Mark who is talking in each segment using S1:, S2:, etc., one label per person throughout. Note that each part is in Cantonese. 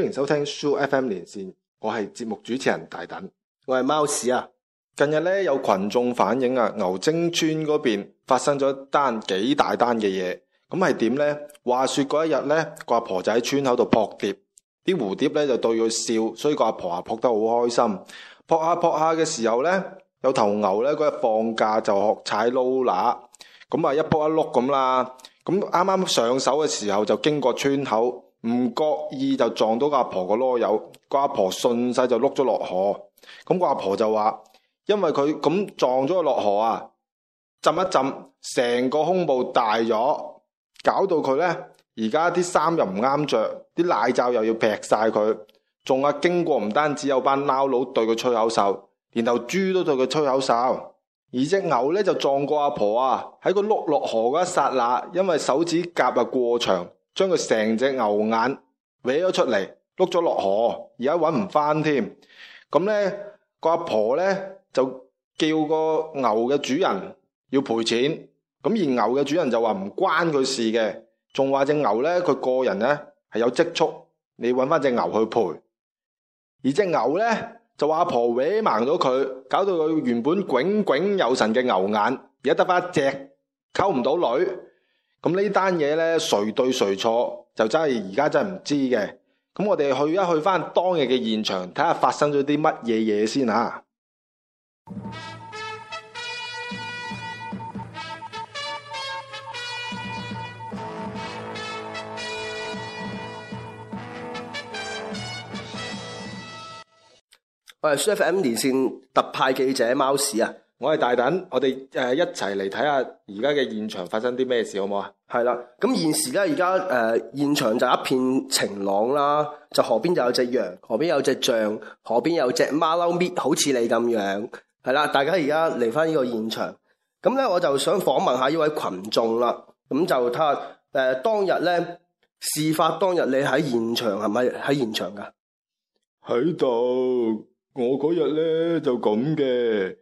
S1: 歡迎收聽 Soo FM 連線，我係節目主持人大等，我係貓屎啊！近日咧有群眾反映啊，牛精村嗰邊發生咗一單幾大單嘅嘢，咁係點咧？話說嗰一日咧，個阿婆就喺村口度撲蝶，啲蝴蝶咧就對佢笑，所以個阿婆啊撲得好開心。撲下撲下嘅時候咧，有頭牛咧嗰日放假就學踩路嗱，咁啊一扑一碌咁啦，咁啱啱上手嘅時候就經過村口。唔覺意就撞到個阿婆個囉柚，個阿婆順勢就碌咗落河。咁個阿婆就話，因為佢咁撞咗落河啊，浸一浸，成個胸部大咗，搞到佢咧而家，啲衫又唔啱着，啲奶罩又要劈晒佢。仲啊經過，唔單止有班撈佬對佢吹口哨，連頭豬都對佢吹口哨。而隻牛咧就撞過阿婆啊，喺個碌落河嗰一剎那，因為手指甲啊過長，將佢成隻牛眼歪咗出嚟，碌咗落河，而家揾唔翻添。咁咧個阿婆咧就叫個牛嘅主人要賠錢，咁而牛嘅主人就話唔關佢事嘅，仲話隻牛咧佢個人咧係有積蓄，你揾翻隻牛去賠。而隻牛咧就話阿婆歪盲咗佢，搞到佢原本炯炯有神嘅牛眼而家得翻隻，溝唔到女。咁呢單嘢咧，誰對誰錯就真係而家真係唔知嘅。咁我哋去一去翻當日嘅現場，睇下發生咗啲乜嘢嘢先吓
S2: 我喂，SooFM 連線
S1: 特派記者貓屎啊！我係大等，我哋誒一齊嚟睇下而家嘅現場
S2: 發生啲咩事好唔好啊？係啦，咁現時咧，而家誒現場就一片晴朗啦，就河邊就有隻羊，河邊有隻象，河邊有隻馬騮搣，好似你咁樣。係啦，大家而家嚟翻呢個現場，咁咧我就想訪問下呢位群眾啦。咁就睇下誒、呃、當日咧事發當日，你喺現場係咪喺現場噶？
S1: 喺度，我嗰日咧就咁嘅。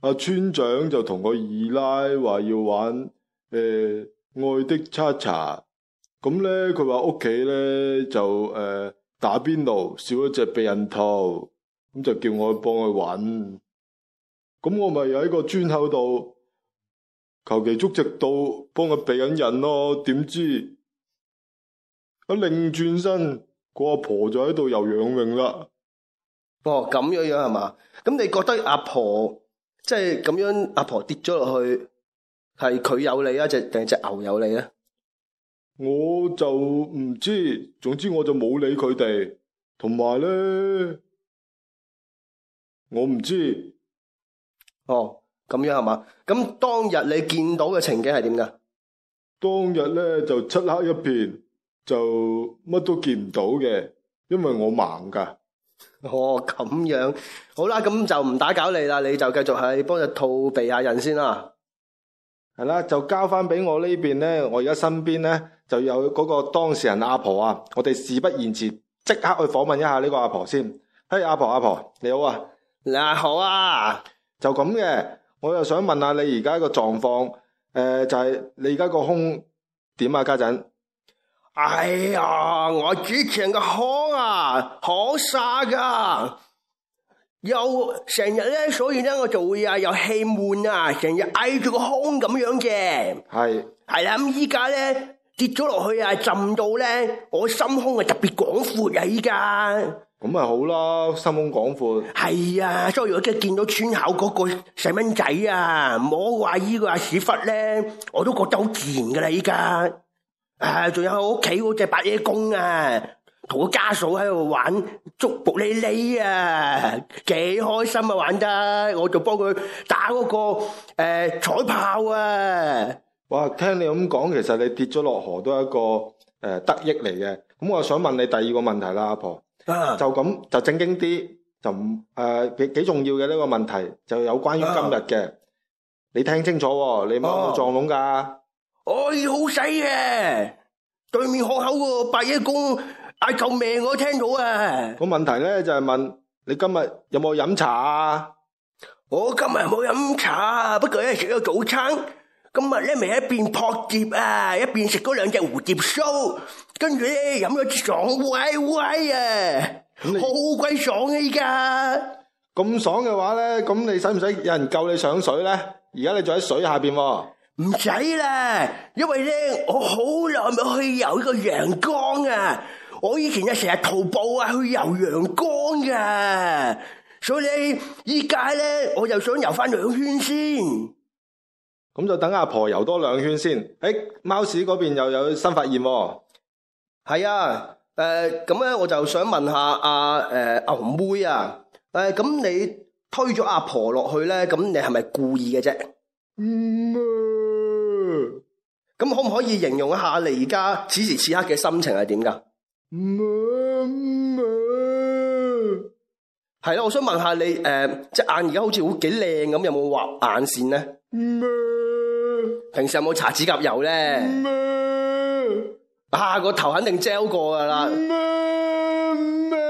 S1: 阿村長就同個二奶話要玩誒、欸、愛的恰恰，咁咧佢話屋企咧就誒、呃、打邊爐少一隻避孕套，咁就叫我幫佢搵，咁我咪喺個村口度求其捉直到幫佢避緊人咯，點知我擰轉身，
S2: 個阿婆，婆就喺度游仰泳啦。哦，咁樣樣係嘛？咁你覺得阿婆？即係咁樣，阿婆跌咗落去，係佢有理啊，定係隻牛有理呀？
S1: 我就唔知，總之我就冇理佢哋。同埋咧，我唔
S2: 知。哦，咁樣係嘛？咁當日你見到嘅情景係點噶當日咧就漆黑一片，就乜都見唔到嘅，因為我盲噶哦，咁樣好啦，咁就唔打攪你啦，你就繼續係幫你套避下人先啦，係啦，就
S1: 交翻俾我呢邊呢。我而家身邊呢，就有嗰個當事人阿、啊、婆啊，我哋事不宜遲，即刻去訪問一下呢個阿、啊、婆先。嘿、hey, 啊，阿婆阿、啊、婆，你
S2: 好啊，嗱
S1: 好啊，就咁嘅。我又想問下你而家個狀況，誒、呃，就係、是、你而家個胸點啊，家陣？
S2: 哎呀，我之前個胸啊，好煞噶，又成日咧，所以咧，我就會啊，又氣悶啊，成日翳住個胸咁樣嘅。係係啦，咁依家咧跌咗落去啊，浸到咧，我心胸啊特別廣闊啊，依家。咁咪好咯，心胸廣闊。係啊，所以我而家見到村口嗰個細蚊仔啊，摸個阿姨個屎忽咧，我都覺得好自然噶啦，依家。誒，仲、啊、有我屋企嗰隻白爺公啊，同個家嫂喺度玩捉伏匿匿啊，幾開心啊玩得，我就幫佢打嗰、那個誒、呃、彩炮啊！
S1: 哇，聽你咁講，其實你跌咗落河都係一個誒、呃、得益嚟嘅。咁我想問你第二個問題啦，阿婆，啊、就咁就正經啲，就唔誒幾幾重要嘅呢個問題，就有關於今日嘅，啊、你聽清楚、哦，你唔好撞籠噶。哦我好死啊！
S2: 對面河口喎，八爺公嗌救命，我聽到啊！個問題咧就係問你今日有冇飲茶啊？我今日冇飲茶，不過咧食咗早餐。今日咧咪一邊撲蝶啊，一邊食嗰兩隻蝴蝶酥，跟住咧飲咗支爽歪歪啊，好鬼爽啊！依家咁爽嘅
S1: 話咧，咁你使唔使有人救你上水咧？而家你仲喺水下邊喎。唔使
S2: 啦，因為咧我好耐冇去游呢個陽光啊！我以前就成日徒步啊去游陽光㗎！所以咧依家咧我就想游翻兩圈先。咁就等阿婆，婆游多兩圈先。喺、欸、貓屎嗰邊又有新發現，哦。係啊，誒咁咧我就想問，問下阿、啊、誒、呃、牛妹啊，誒、呃、咁你推咗阿婆落去咧，咁你係咪故意嘅啫？嗯咁可唔可以形容一下你而家此時此刻嘅心情係點噶？係啦、嗯嗯嗯，我想問下你，誒、呃，隻眼而家好似好幾靚咁，有冇畫眼線咧？嗯嗯、平時有冇搽指甲油咧？嗯嗯、啊，個頭肯定膠過噶啦。嗯嗯嗯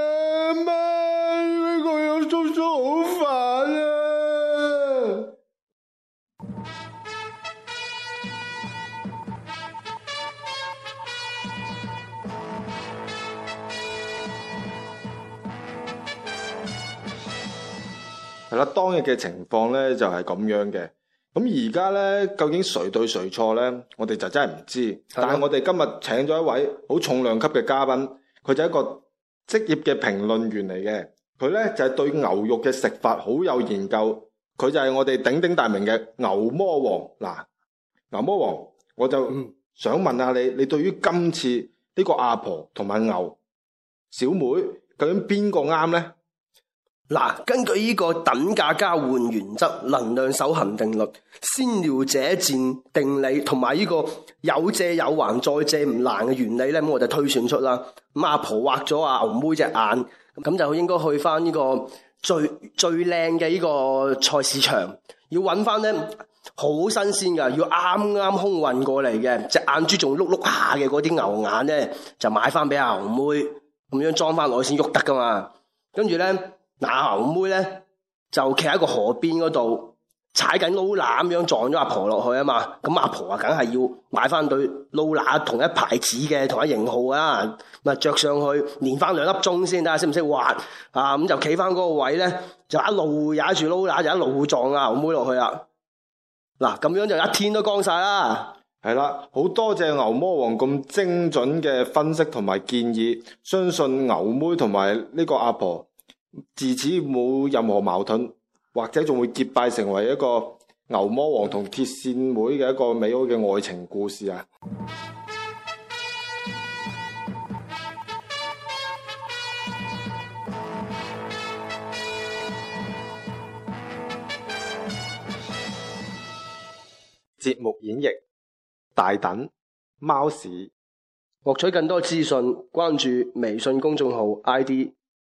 S1: 當日嘅情況咧就係咁樣嘅。咁而家咧，究竟誰對誰錯咧？我哋就真係唔知。但係我哋今日請咗一位好重量級嘅嘉賓，佢就係一個職業嘅評論員嚟嘅。佢咧就係對牛肉嘅食法好有研究。佢就係我哋鼎鼎大名嘅牛魔王。嗱，牛魔王，我就想問下你，你對於今次呢個阿婆同埋牛
S2: 小妹究竟邊個啱呢？嗱，根據呢個等價交換原則、能量守恒定律、先了者戰定理，同埋呢個有借有還再借唔難嘅原理咧，咁我就推算出啦。阿婆畫咗阿牛妹隻眼，咁就應該去翻呢個最最靚嘅呢個菜市場要，要搵翻咧好新鮮噶，要啱啱空運過嚟嘅，隻眼珠仲碌碌下嘅嗰啲牛眼咧，就買翻俾阿牛妹，咁樣裝翻落去先喐得噶嘛。跟住咧。嗱，牛妹咧就企喺個河邊嗰度踩緊撈乸咁樣撞咗阿婆落去啊嘛。咁阿婆啊，梗係要買翻對撈乸同一牌子嘅同一型號啊，咪着上去連翻兩粒鐘先，睇下識唔識滑啊。咁就企翻嗰個位咧，就一路踩住撈乸，就一路撞阿牛妹落去啦。嗱，咁樣就一天都光晒啦。
S1: 係啦，好多謝牛魔王咁精準嘅分析同埋建議，相信牛妹同埋呢個阿婆。自此冇任何矛盾，或者仲會結拜成為一個牛魔王同鐵扇妹嘅一個美好嘅愛情故事啊！節目演繹
S2: 大等貓屎，獲取更多資訊，關注微信公眾號 ID。